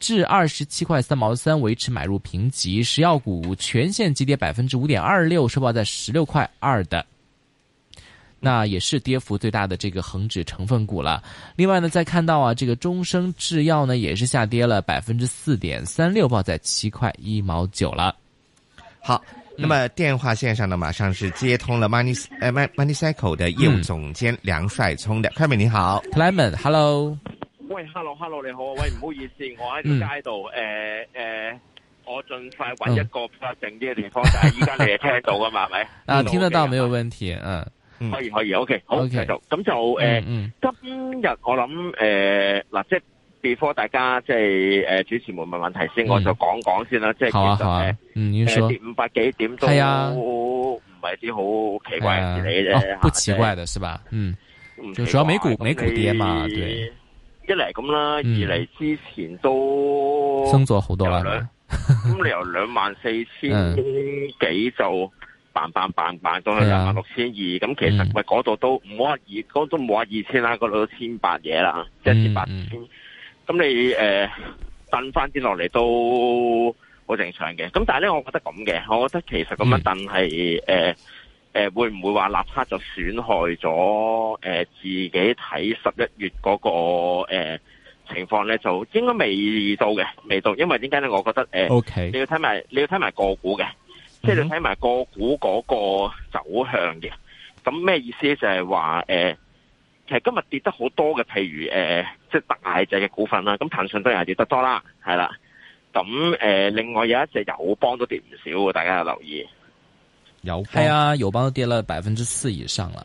至二十七塊三毛三維持買入評級，石藥股全線急跌百分之五點二六，收報在十六塊二的，那也是跌幅最大的這個恒指成分股了。另外呢，再看到啊，這個中生製藥呢也是下跌了百分之四點三六，報在七塊一毛九了。好，那麼電話線上呢，馬上是接通了 Money 呃、嗯哎、Money Cycle 的業務總監梁帥聰的，Clement 你好，Clement Hello。h、hey, e l l o h e l l o 你好啊！喂，唔好意思，我喺條街度，誒、嗯、誒、呃呃，我盡快揾一個比較靜啲嘅地方，但係依家你哋聽得到噶嘛？係 咪？啊，聽得到，沒有問題。嗯，可以可以。O K，好，繼續。咁就誒，今日我諗誒嗱，即係 before 大家即係誒、呃，主持們問問題先，我就講講先啦、啊。即係、啊、其實誒，跌、啊嗯呃呃、五百幾點都唔係啲好奇怪嘅嘢、哎。哦，不奇怪的，是吧？嗯，就，不、啊、就主要美股美股跌嘛，對。一嚟咁啦，二嚟之前都升咗、嗯、好多啦。咁 你由兩萬四千幾就掹掹掹掹到去兩萬六千二，咁、嗯、其實咪嗰度都冇話二，都冇話二千啦，嗰度都千八嘢啦，一千八千。咁你誒，凳翻啲落嚟都好正常嘅。咁但係咧，我覺得咁嘅，我覺得其實咁樣凳係誒。嗯呃誒、呃，會唔會話立刻就損害咗？誒、呃，自己睇十一月嗰、那個誒、呃、情況咧，就應該未到嘅，未到。因為點解咧？我覺得誒、呃 okay.，你要睇埋你要睇埋個股嘅，即係你睇埋個股嗰個走向嘅。咁咩意思咧？就係話誒，其實今日跌得好多嘅，譬如誒，即、呃、係、就是、大隻嘅股份啦。咁騰訊都係跌得多啦，係啦。咁誒、呃，另外有一隻友邦都跌唔少，大家留意。有係啊，友邦都跌咗百分之四以上啦。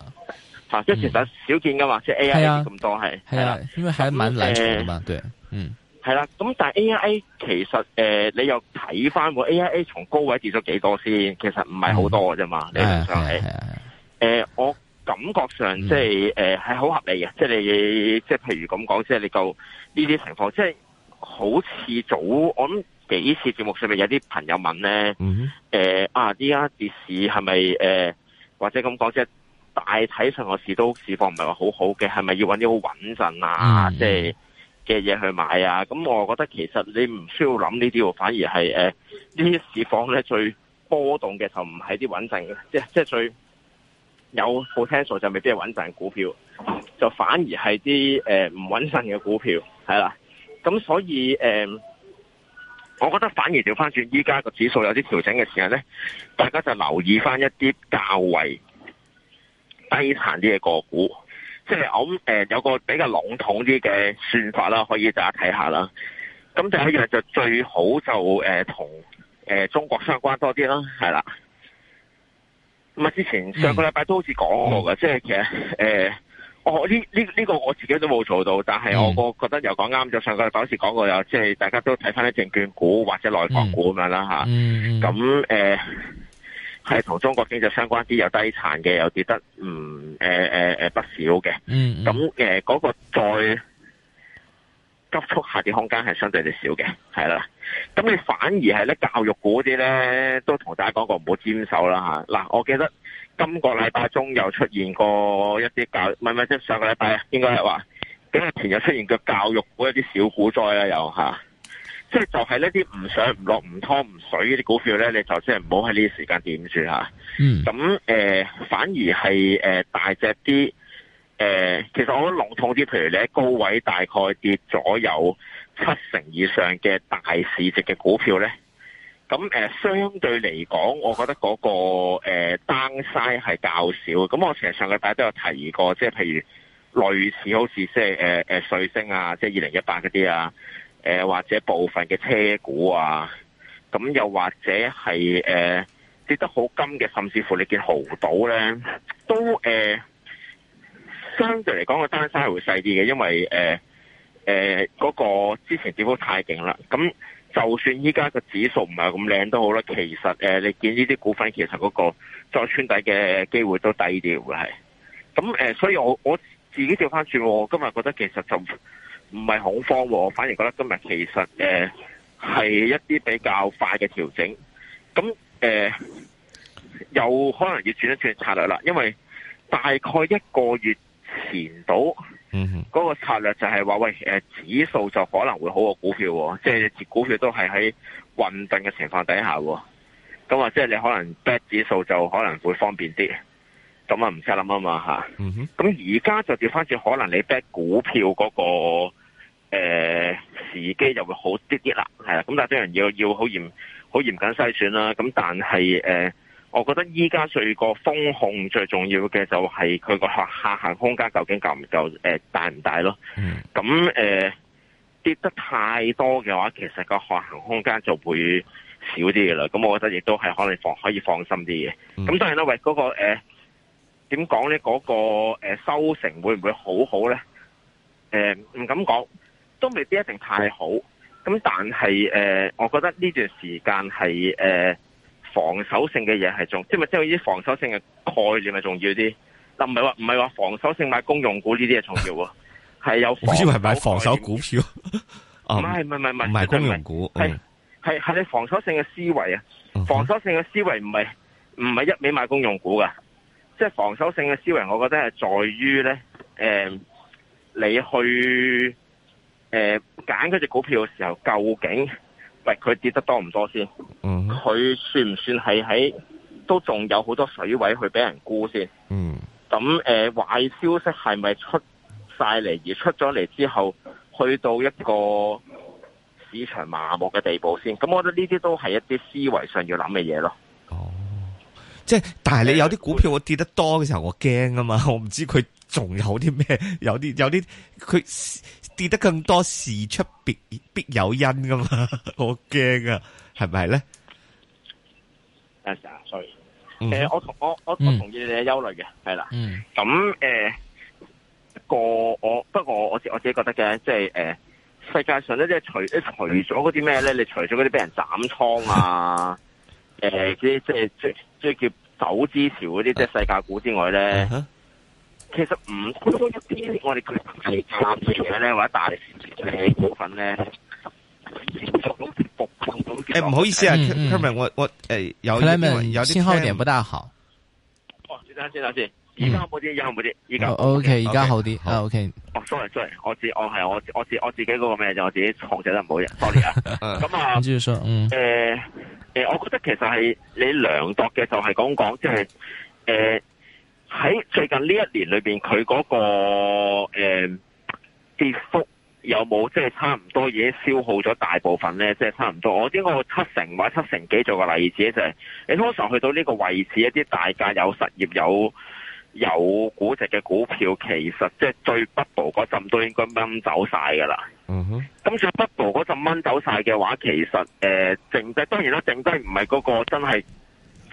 吓、嗯，即係其實少見噶嘛，即係 AIA 咁多係。係啊，啊，因為還蠻藍籌嘛、嗯，對，嗯，係啦、啊。咁但係 AIA 其實誒、呃，你又睇翻個 AIA 從高位跌咗幾多先？其實唔係好多㗎啫嘛。嗯、理論上係。誒、啊啊呃，我感覺上即係誒係好合理嘅，即、就、係、是、你即係譬如咁講，即、就、係、是、你夠，呢啲情況，即係好似早我諗。幾次節目上面有啲朋友問咧，誒、mm-hmm. 呃、啊，而家跌市係咪誒，或者咁講，即係大體上個市都市況唔係話好好嘅，係咪要揾啲好穩陣啊，即係嘅嘢，去買啊？咁我覺得其實你唔需要諗呢啲，反而係誒、呃、呢啲市況咧最波動嘅，就唔係啲穩陣嘅，即係即係最有好聽數，就未必係穩陣股票，就反而係啲誒唔穩陣嘅股票係啦。咁所以誒。呃我覺得反而調翻轉，依家個指數有啲調整嘅時候咧，大家就留意翻一啲較為低殘啲嘅個股，即係我諗誒有個比較籠統啲嘅算法啦，可以大家睇下啦。咁第一樣就最好就誒同誒中國相關多啲啦，係啦。咁啊，之前上個禮拜都好似講過嘅、嗯，即係其實誒。呃我呢呢呢個我自己都冇做到，但係我我覺得又講啱咗，上個禮拜好似講過有，即係大家都睇翻啲證券股或者內房股咁樣啦吓。咁誒係同中國經濟相關啲有低殘嘅有跌得唔誒誒誒不少嘅。咁誒嗰個再急速下跌空間係相對哋少嘅，係啦。咁你反而係咧教育股啲咧，都同大家講過唔好沾手啦吓。嗱，啊，我記得。今個禮拜中又出現過一啲教育，唔係唔係即係上個禮拜啊，應該係話幾日前又出現過教育股一啲小股災啦，又、啊、吓，即係就係呢啲唔上唔落唔拖唔水呢啲股票咧，你就即係唔好喺呢啲時間點住吓、啊。嗯，咁誒、呃，反而係誒、呃、大隻啲，誒、呃，其實我覺得籠統啲，譬如你喺高位大概跌咗有七成以上嘅大市值嘅股票咧。咁、呃、相對嚟講，我覺得嗰、嗰個誒 downside 係較少。咁我成日上個禮拜大家都有提過，即係譬如類似好似即係誒誒瑞聲啊，即係二零一八嗰啲啊，誒、呃、或者部分嘅車股啊，咁又或者係誒、呃、跌得好金嘅，甚至乎你見濠賭咧，都誒、呃、相對嚟講個 downside 係會細啲嘅，因為誒誒嗰個之前跌幅太勁啦，咁。就算依家個指數唔係咁靚都好啦，其實誒你見呢啲股份其實嗰個再穿底嘅機會都低啲。嘅，係。咁誒，所以我我自己調翻轉，我今日覺得其實就唔係恐慌喎，我反而覺得今日其實誒係一啲比較快嘅調整。咁誒、呃，又可能要轉一轉策略啦，因為大概一個月前到。嗯，嗰、那個策略就係話，喂，誒、呃，指數就可能會好過股票，即係隻股票都係喺混沌嘅情況底下，咁啊，即、就、係、是、你可能 back 指數就可能會方便啲，咁啊唔使諗啊嘛吓，咁而家就調翻轉，可能你 back 股票嗰、那個誒、呃、時機就會好啲啲啦，係啊，咁但係都要要好嚴好嚴謹篩選啦，咁但係誒。呃我覺得依家最個風控最重要嘅就係佢個下下行空間究竟夠唔夠？誒、呃、大唔大咯？咁誒、呃、跌得太多嘅話，其實個下行空間就會少啲嘅啦。咁我覺得亦都係可能放可以放心啲嘅。咁、嗯、當然啦，喂，嗰、那個誒點講咧？嗰、呃那個、呃、收成會唔會好好咧？誒、呃、唔敢講，都未必一定太好。咁但係誒、呃，我覺得呢段時間係誒。呃防守性嘅嘢係重，即係咪即係呢啲防守性嘅概念係重要啲？嗱，唔係話唔係話防守性買公用股呢啲係重要啊，係 有，唔係買防守股票，唔係唔係，唔係唔係公用股，係係係你防守性嘅思維啊、嗯，防守性嘅思維唔係唔係一味買公用股噶，即係防守性嘅思維，我覺得係在於咧誒、呃，你去誒揀嗰隻股票嘅時候，究竟。喂，佢跌得多唔多先？嗯，佢算唔算係喺都仲有好多水位去俾人沽先？嗯，咁誒壞消息係咪出晒嚟？而出咗嚟之後，去到一個市場麻木嘅地步先？咁我覺得呢啲都係一啲思維上要諗嘅嘢咯。哦，即係，但係你有啲股票我跌得多嘅時候，我驚啊嘛，我唔知佢仲有啲咩，有啲有啲佢。跌得更多，事出必必有因噶嘛？我驚啊，係咪咧？阿 Sir，sorry，誒，我同我我我同意你嘅憂慮嘅，係啦。咁誒，個我不過我我自己覺得嘅，即係誒，世界上咧即係除除咗嗰啲咩咧，你除咗嗰啲俾人斬倉啊，誒，即係即係即係叫走之潮嗰啲，即係世界股之外咧。其實唔嗰一啲，我哋係嘅咧，或者大咧，唔、欸、好意思啊、嗯、Cerman, 我我誒、欸嗯、有我有啲，信號、嗯、點不大、嗯、好，好。哦，等、okay, 先，等、okay, 先、uh, okay. okay, 啊，而家冇而家冇而家 OK，而家好啲，OK、oh。哦，sorry，sorry，我自我我我我自己咩就我自己控制得唔好， 好啊。咁 啊、嗯嗯呃，我覺得其實係你量度嘅就係講講，即喺最近呢一年裏邊，佢嗰個誒跌幅有冇即係差唔多已經消耗咗大部分咧？即係差唔多，我啲我七成或者七成幾做個例子咧，就係你通常去到呢個位置，一啲大價有實業有有估值嘅股票，其實即係最 bubble 嗰陣都應該掹走晒㗎啦。嗯哼，咁如果 bubble 嗰陣掹走晒嘅話，其實誒剩低當然啦，剩低唔係嗰個真係。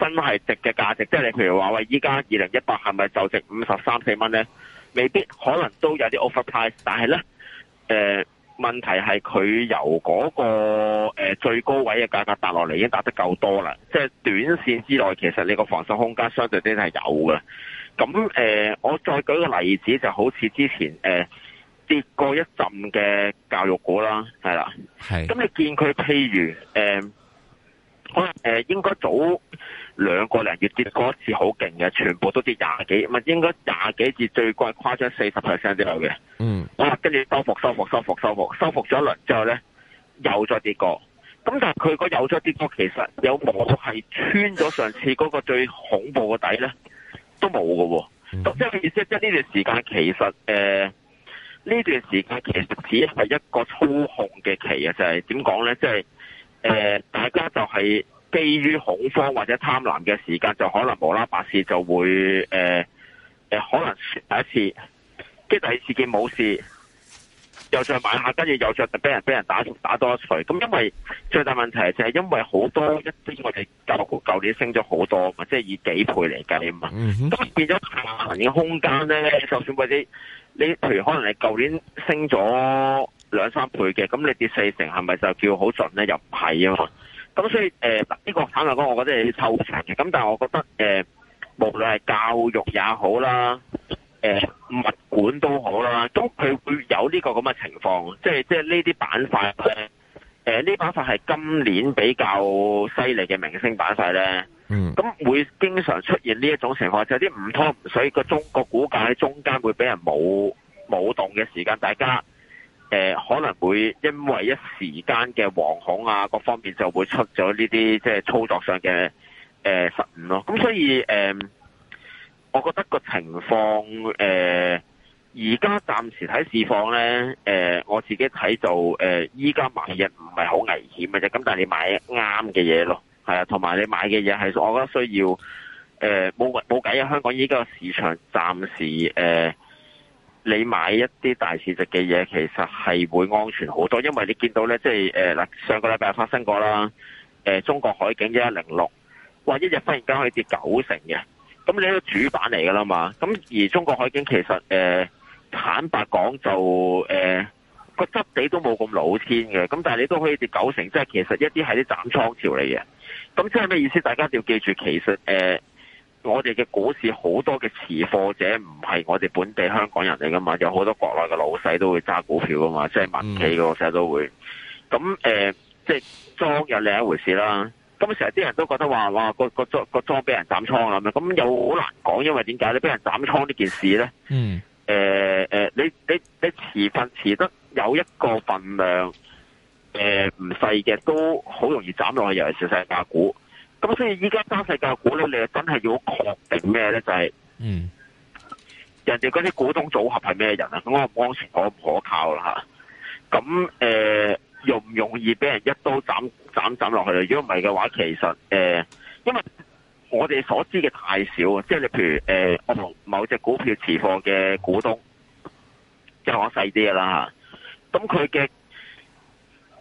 真係值嘅價值，即係你譬如話喂，依家二零一八係咪就值五十三四蚊呢？未必，可能都有啲 overprice，但係呢，誒、呃、問題係佢由嗰、那個、呃、最高位嘅價格達落嚟已經達得夠多啦，即係短線之內其實你個防守空間相對啲係有嘅。咁誒、呃，我再舉個例子就好似之前誒、呃、跌過一陣嘅教育股啦，係啦，咁你見佢譬如、呃、可能誒、呃、應該早兩個零月跌過一次好勁嘅，全部都跌廿幾，唔係應該廿幾至最高係誇張四十 percent 之後嘅。嗯，哇、啊！跟住收復、收復、收復、收復，收復咗一輪之後呢，又再跌過。咁但係佢個有咗跌過，其實有冇係穿咗上次嗰個最恐怖嘅底呢？都冇㗎喎。咁即係咩意思？即呢段時間其實，誒、呃、呢段時間其實只係一個操控嘅期啊！就係點講呢？即、就、係、是呃、大家就係、是。基於恐慌或者貪婪嘅時間，就可能無啦啦，事就會誒誒、呃呃，可能第一次，跟住第二次嘅冇事，又再買下，跟住又再俾人俾人打打多一錘。咁因為最大問題就係因為好多一啲我哋舊舊年升咗好多嘛，即係以幾倍嚟計嘛。咁、mm-hmm. 變咗下行嘅空間咧，就算或者你譬如可能你舊年升咗兩三倍嘅，咁你跌四成係咪就叫好盡咧？又唔係啊嘛？咁所以誒，呢、呃這個坦白講，我覺得係湊場嘅。咁但係我覺得誒、呃，無論係教育也好啦，誒、呃、物管都好啦，咁佢會有呢個咁嘅情況，即係即係呢啲板塊咧，誒呢板塊係今年比較犀利嘅明星板塊咧。嗯。咁會經常出現呢一種情況，就係啲唔拖唔水個中國股價喺中間會俾人冇冇動嘅時間，大家。誒、呃，可能會因為一時間嘅惶恐啊，各方面就會出咗呢啲即係操作上嘅誒失誤咯。咁所以誒、呃，我覺得個情況誒，而家暫時睇市況咧，誒、呃，我自己睇就誒，依、呃、家買嘢唔係好危險嘅啫。咁但係你買啱嘅嘢咯，係啊，同埋你買嘅嘢係我覺得需要誒，冇冇計啊！香港依家個市場暫時誒。呃你買一啲大市值嘅嘢，其實係會安全好多，因為你見到呢，即係嗱、呃，上個禮拜發生過啦、呃，中國海景 1106, 一零六，哇，一日忽然間可以跌九成嘅，咁你一個主板嚟㗎啦嘛，咁而中國海景其實、呃、坦白講就個、呃、質地都冇咁老先嘅，咁但係你都可以跌九成，即係其實一啲係啲斬倉潮嚟嘅，咁即係咩意思？大家要記住，其實、呃我哋嘅股市好多嘅持貨者唔係我哋本地香港人嚟噶嘛，有好多國內嘅老細都會揸股票噶嘛是的、呃，即係民企嗰個成日都會。咁誒，即係莊有另一回事啦。咁成日啲人都覺得話哇，個個莊個莊俾人斬倉咁樣，咁又好難講，因為點解咧？俾人斬倉呢件事咧？嗯。誒誒，你你你，你持份持得有一個份量，誒唔細嘅，的都好容易斬落去，尤其是小細價股。咁所以依家加世界股咧，你又真係要確定咩咧？就係，嗯，人哋嗰啲股東組合係咩人啊？咁我唔安全，可唔可靠啦？嚇，咁誒、呃、容唔容易俾人一刀斬斬斬落去啊？如果唔係嘅話，其實、呃、因為我哋所知嘅太少啊，即係你譬如誒、呃，我同某隻股票持貨嘅股東，即係我細啲嘅啦嚇，咁佢嘅。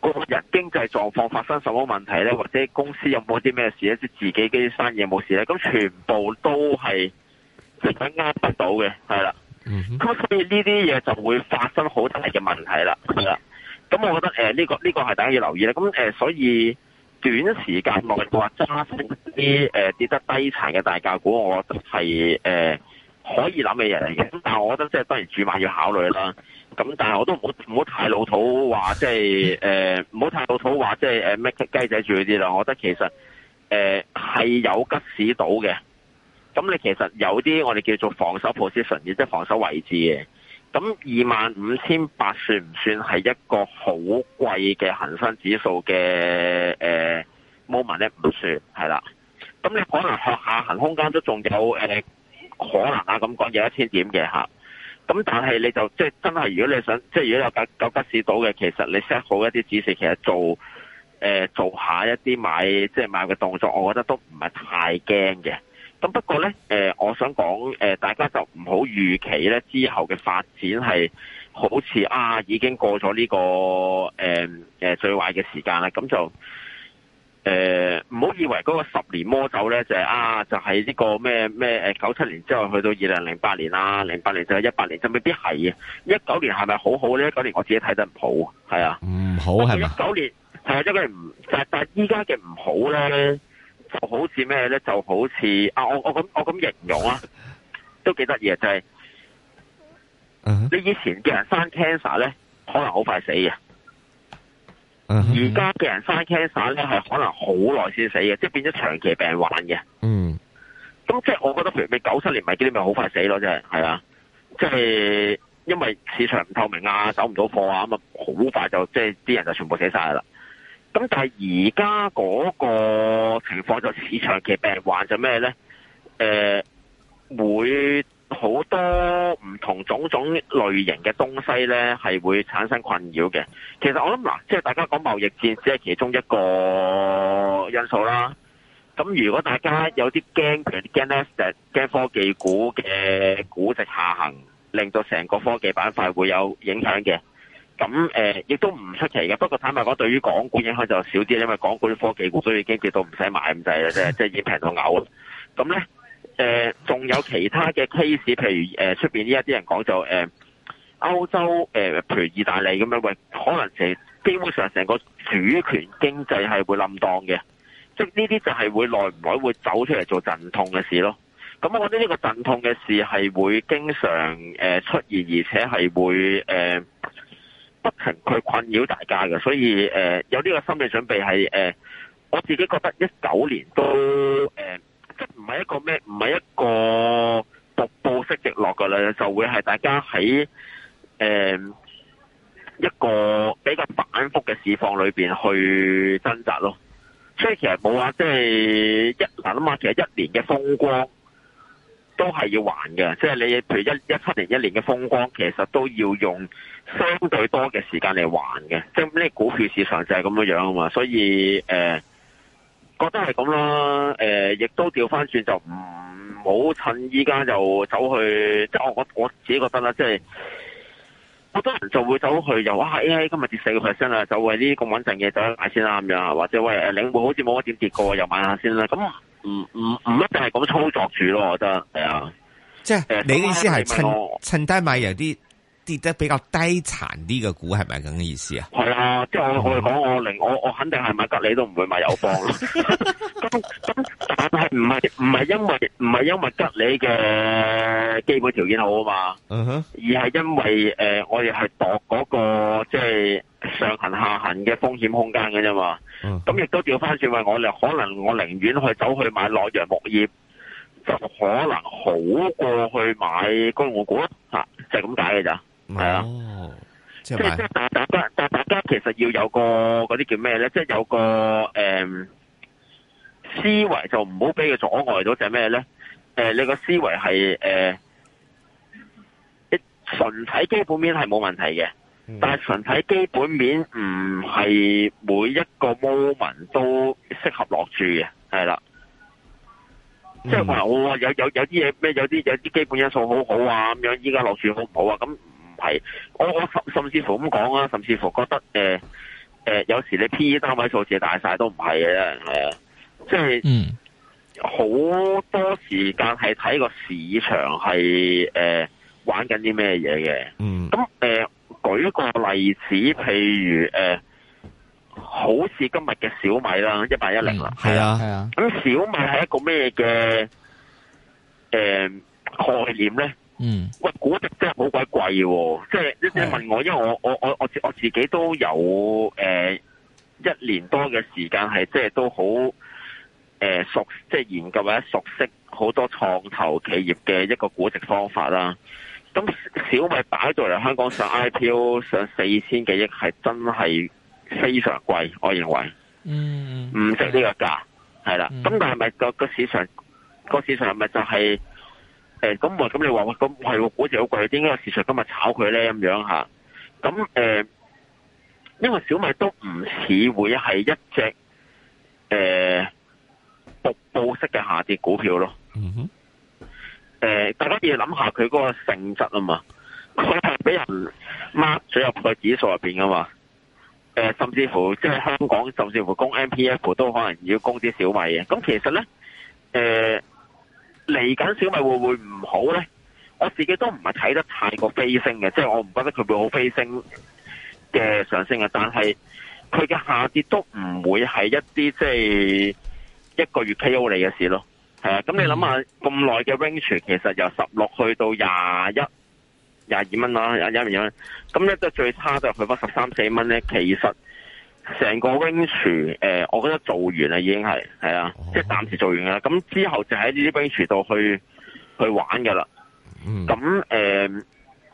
個人經濟狀況發生什麼問題咧，或者公司有冇啲咩事咧，即係自己啲生意有冇事咧？咁全部都係掌握得到嘅，係啦。咁、mm-hmm. 所以呢啲嘢就會發生好大嘅問題啦，係啦。咁我覺得誒，呢、呃這個呢、這個係大家要留意啦。咁誒、呃，所以短時間內話揸翻一啲誒、呃、跌得低殘嘅大價股，我覺得係誒、呃、可以諗嘅嘢嚟嘅。但係我覺得即係當然，主板要考慮啦。咁、嗯、但係我都唔好唔好太老土話，即係誒唔好太老土話，即係誒 make 雞仔住啲啦。我覺得其實誒係、呃、有吉屎到嘅。咁你其實有啲我哋叫做防守 position，即係防守位置嘅。咁二萬五千八算唔算係一個好貴嘅恒生指數嘅誒 moment 咧？唔算係啦。咁你可能學下行空間都仲有誒、呃、可能啊，咁講有一千點嘅吓。咁但係你就即係、就是、真係，如果你想即係、就是、如果有夠夠屎到嘅，其實你 set 好一啲指示，其實做、呃、做下一啲買即係買嘅動作，我覺得都唔係太驚嘅。咁不過呢，呃、我想講、呃、大家就唔好預期呢，之後嘅發展係好似啊已經過咗呢、這個、呃、最壞嘅時間啦，咁就。誒、呃，唔好以為嗰個十年魔咒咧，就係、是、啊，就喺、是、呢、這個咩咩誒九七年之後去到二零零八年啦，零、啊、八年就係一八年，就未必係嘅。一九年係咪好好咧？一九年我自己睇得唔好，係啊，唔好係一九年係因為唔但但依家嘅唔好咧，就好似咩咧，就好似啊，我我咁我咁形容啊， 都幾得意啊，就係、是 Uh-huh. 你以前嘅人生 cancer 咧，可能好快死嘅。而家嘅人生 cancer 咧，係可能好耐先死嘅，即係變咗長期病患嘅。嗯，咁即係我覺得，譬如你九七年買啲，你咪好快就死咯，即係係啊，即係因為市場唔透明啊，走唔到貨啊，咁啊好快就即係啲人就全部死晒啦。咁但係而家個情況就長期病患就咩咧？誒、呃，會好多。同種種類型嘅東西呢係會產生困擾嘅。其實我諗嗱，即係大家講貿易戰只係其中一個因素啦。咁如果大家有啲驚，譬如啲驚咧，有啲驚呢就驚、是、科技股嘅估值下行，令到成個科技板塊會有影響嘅。咁亦、呃、都唔出奇嘅。不過坦白講，對於港股影響就少啲，因為港股啲科技股都已經跌到唔使買咁滯啦，即係即係已經平到嘔咁呢。就是誒、呃，仲有其他嘅 case，譬如誒出邊呢一啲人講就誒，歐、呃、洲誒、呃，譬如意大利咁樣，喂，可能成基本上成個主權經濟係會冧檔嘅，即係呢啲就係會耐唔耐會走出嚟做陣痛嘅事咯。咁、嗯、我覺得呢個陣痛嘅事係會經常誒、呃、出現，而且係會誒、呃、不停去困擾大家嘅。所以誒、呃、有呢個心理準備係誒、呃，我自己覺得一九年都誒。呃即唔係一個咩，唔係一個瀑布式直落噶啦，就會係大家喺誒、呃、一個比較反覆嘅市況裏邊去掙扎咯。所以其實冇話即係一嗱啦嘛，其實一年嘅風光都係要還嘅。即係你譬如一一七年一年嘅風光，其實都要用相對多嘅時間嚟還嘅。即係呢個股票市場就係咁樣樣啊嘛。所以誒。呃覺得係咁啦，誒，亦都調翻轉就唔好趁依家就走去，即係我我我自己覺得啦，即係好多人就會走去又哇，A I 今日跌四個 percent 啦，就為啲咁穩陣嘅走一買先啦，咁樣或者喂誒，領匯好似冇乜點跌過，又買下先啦，咁唔唔唔一定係咁操作住咯，我覺得係啊，即係誒，你嘅意思係趁趁低買有啲。跌得比較低殘啲嘅股係咪咁嘅意思啊？係啊，即係我我嚟講，我寧我我肯定係買吉利都唔會買友邦。咁 但係唔係唔係因為唔係因為吉利嘅基本條件好啊嘛？嗯哼。而係因為、呃、我哋係度嗰個即係、就是、上行下行嘅風險空間嘅啫嘛。咁亦都調翻轉問我哋，可能我寧願去走去買諾陽木業，就可能好過去買公用股就係、是、咁解嘅咋。係啊，哦、即係即係大大家，但大家其實要有個啲叫咩咧？即、就、係、是、有個誒、呃、思維，就唔好俾佢阻礙到就係咩咧？誒、呃，你個思維係誒，你、呃、純睇基本面係冇問題嘅、嗯，但係純睇基本面唔係每一個 moment 都適合落注嘅，係啦、嗯。即係話，可能我有有有啲嘢咩？有啲有啲基本因素好好啊咁樣，依家落注好唔好啊？咁。係，我我甚甚至乎咁講啊，甚至乎覺得誒誒、呃呃，有時你 PE 單位數字大晒都唔係嘅，啊、呃，即係好多時間係睇個市場係誒玩緊啲咩嘢嘅。嗯，咁誒、呃嗯呃、舉個例子，譬如誒、呃，好似今日嘅小米啦，一八一零啦，係啊係啊。咁、啊、小米係一個咩嘅誒概念咧？嗯，喂，估值真係好鬼貴，即、就、係、是、你先問我，因為我我我我我自己都有誒、呃、一年多嘅時間係，即、就、係、是、都好誒、呃、熟，即、就、係、是、研究或者熟悉好多創投企業嘅一個估值方法啦。咁小米擺到嚟香港上 IPO 上四千幾億，係真係非常貴，我認為，嗯，唔值呢個價，係啦。咁但係咪個個市場個市場係咪就係、是？誒、嗯，咁咁你話我咁係股市好貴，點解有市場今日炒佢咧？咁樣吓，咁、嗯、誒，因為小米都唔似會係一隻誒、嗯、瀑布式嘅下跌股票咯。哼、嗯，誒、嗯，大家要諗下佢嗰個性質啊嘛，佢係俾人掹咗入個指數入邊噶嘛。誒、嗯，甚至乎即係、就是、香港，甚至乎供 M P F 都可能要供啲小米嘅。咁其實咧，誒、嗯。嚟緊小米會唔會唔好呢？我自己都唔係睇得太過飛升嘅，即係我唔覺得佢會好飛升嘅上升嘅。但係佢嘅下跌都唔會係一啲即係一個月 KO 你嘅事咯。係啊，咁你諗下咁耐嘅 range，其實由十六去到廿一、廿二蚊啦，廿一、廿二。咁咧，得最差就去翻十三四蚊呢，其實。成個冰船誒，我覺得做完啦，已經係。係啊，即係、就是、暫時做完啦。咁之後就喺呢啲 i 冰船度去去玩嘅啦。咁、mm. 誒、呃，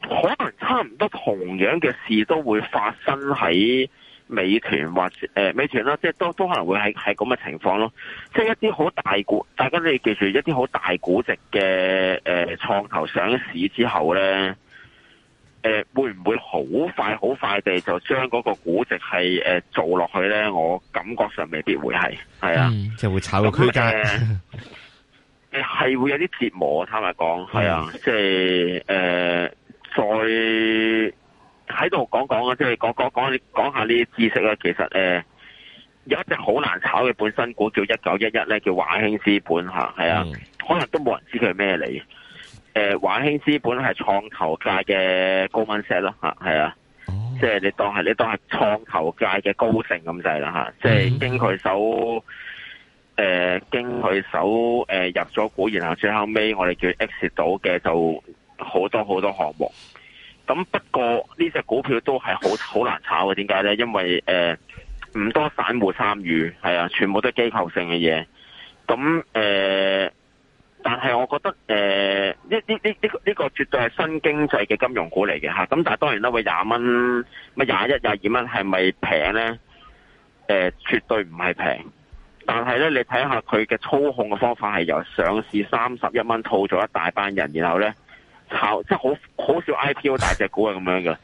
可能差唔多同樣嘅事都會發生喺美團或者誒、呃、美團啦，即係都都可能會係係咁嘅情況咯。即、就、係、是、一啲好大股，大家你記住一啲好大估值嘅誒創投上市之後咧。誒，會唔會好快好快地就將嗰個估值係誒做落去咧？我感覺上未必會係，係啊、嗯，就會炒個區間。誒、呃，係、 呃呃、會有啲折磨，坦白講，係啊，啊，即係誒、呃，再喺度講講啊，即係講講講，講下呢啲知識啊。其實誒、呃，有一隻好難炒嘅本身股叫一九一一咧，叫華興資本吓，係啊、嗯，可能都冇人知佢係咩嚟。誒、呃，華興資本係創投界嘅高文石啦，吓、啊、係啊、oh. 啊，即係你當係你當係創投界嘅高盛咁滯啦，吓，即係經佢手，誒、呃，經佢手，誒、呃，入咗股，然後最後尾我哋叫 exit 到嘅就好多好多項目，咁不過呢隻股票都係好好難炒嘅，點解咧？因為誒唔、呃、多散戶參與，係啊，全部都係機構性嘅嘢，咁誒。呃但係我覺得誒，呢呢呢呢個呢、這個這個這個絕對係新經濟嘅金融股嚟嘅嚇。咁但係當然啦，喂，廿蚊、乜廿一、廿二蚊係咪平咧？誒，絕對唔係平。但係咧，你睇下佢嘅操控嘅方法係由上市三十一蚊套咗一大班人，然後咧炒即係好好少 IPO 大隻股係咁樣嘅，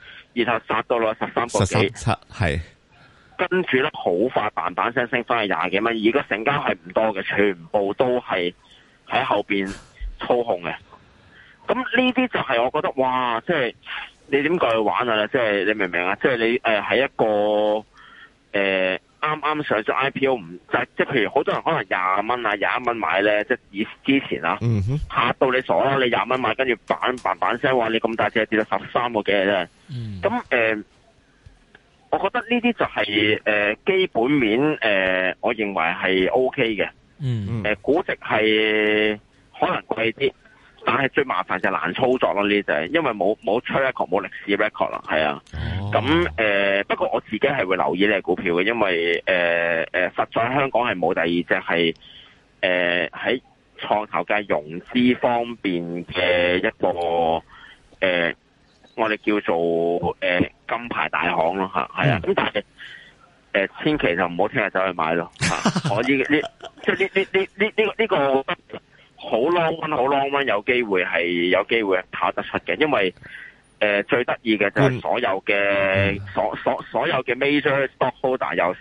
然後殺到落十三個幾，十三七係跟住咧好快，砰砰聲升翻去廿幾蚊。而家成交係唔多嘅，全部都係。喺後邊操控嘅，咁呢啲就係我覺得哇，即係你點過去玩啊？即係你明唔明啊？即係你誒喺一個誒啱啱上咗 IPO 唔即係譬如好多人可能廿蚊啊廿一蚊買咧，即係以之前啦，嗯，吓到你傻啦！你廿蚊買，跟住板板板聲話你咁大隻跌到十三個幾咧，咁誒，我覺得呢啲就係誒基本面誒，我認為係 O K 嘅。嗯，誒、嗯呃，估值係可能貴啲，但係最麻煩就難操作咯呢隻因為冇冇 record，冇歷史 record 啦係啊。咁誒、啊哦呃，不過我自己係會留意呢隻股票嘅，因為誒誒、呃，實在香港係冇第二隻係誒喺創投嘅融資方面嘅一個誒、呃，我哋叫做誒、呃、金牌大行咯吓，係啊。誒、呃，千祈就唔好聽日走去買咯。吓、 啊，我呢呢，即係呢呢呢呢呢個，好 long 好 long run，有機會係有機會跑得出嘅。因為誒、呃，最得意嘅就係所有嘅、嗯、所所所有嘅 major stockholder 由十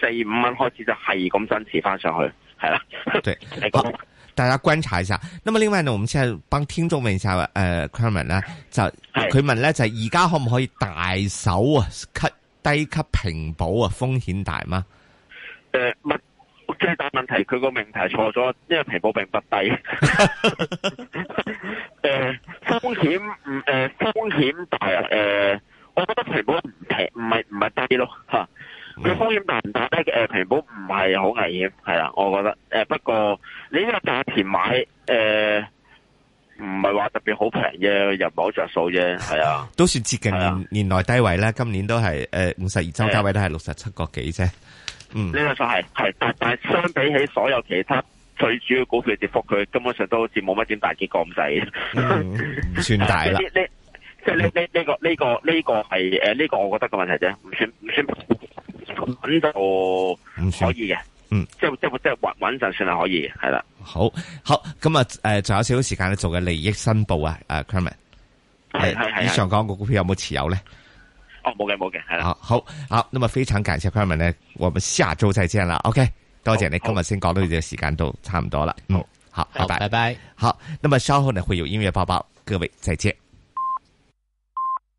四五蚊開始就係咁增持翻上去，係啦。對，你講， 大家觀察一下。那麼另外呢，我哋現在幫聽眾問一下，誒、呃、k e m e n 咧，就佢問咧，就係而家可唔可以大手啊，cut？低級平保啊，風險大嗎？誒、呃，問，即係問題佢個命題錯咗，因為平保並不低。誒、 呃，風險唔，誒、呃，風險大啊？誒、呃，我覺得平保唔平，唔係唔係低咯，吓，佢風險大唔大咧？誒，平保唔係好危險，係啦，我覺得。誒、呃，不過你呢個價錢買，誒、呃。唔係話特別好平嘅，又唔係好着數啫，係啊， 都算接近年年內低位啦，今年都係誒五十二周低位都係六十七個幾啫。嗯，呢個就係係，但但係相比起所有其他最主要股票嘅跌幅，佢根本上都好似冇乜點大跌咁滯，唔、嗯、算大啦。即係呢呢呢個呢、呢個呢、呢個係誒呢個我覺得個問題啫，唔算唔算穩到可以嘅。嗯，即係即係即係穩穩陣算係可以，係啦，好，好，咁啊，誒、呃，仲有少少時間咧做嘅利益申報啊，誒 Carmen，係係係，以上講個股票有冇持有咧？哦，冇嘅冇嘅，係啦，好，好，好，咁啊非常感謝 Carmen 咧，我們下周再見啦，OK，多謝你今日先講到呢個時間都差唔多啦，嗯，好，好，拜拜，好，咁啊稍後呢會有音樂包包，各位再見。